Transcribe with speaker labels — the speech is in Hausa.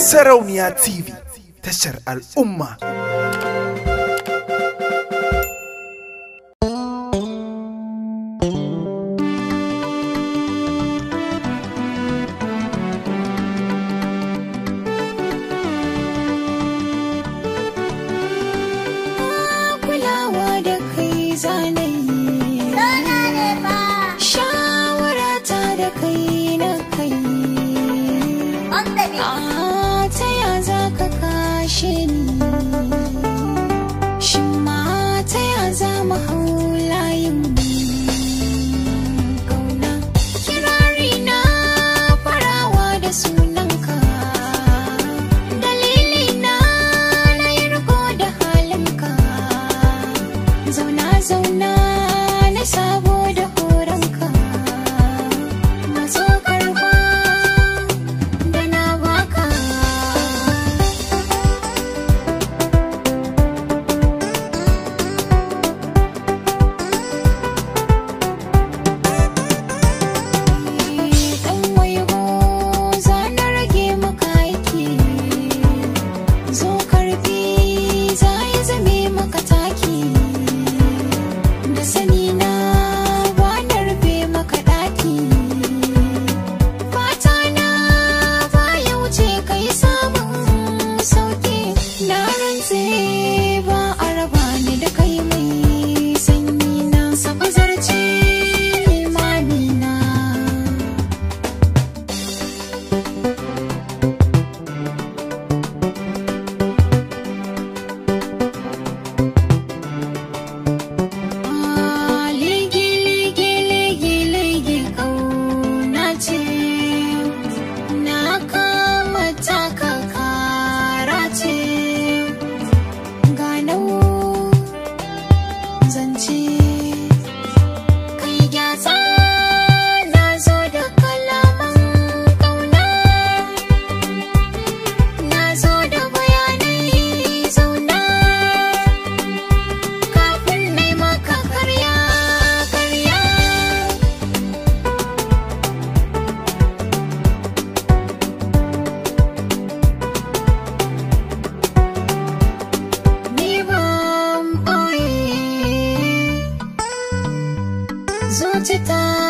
Speaker 1: Sarauniya TV tashar al'umma. Kulawa da kai zanayi, shawara ta da kai じた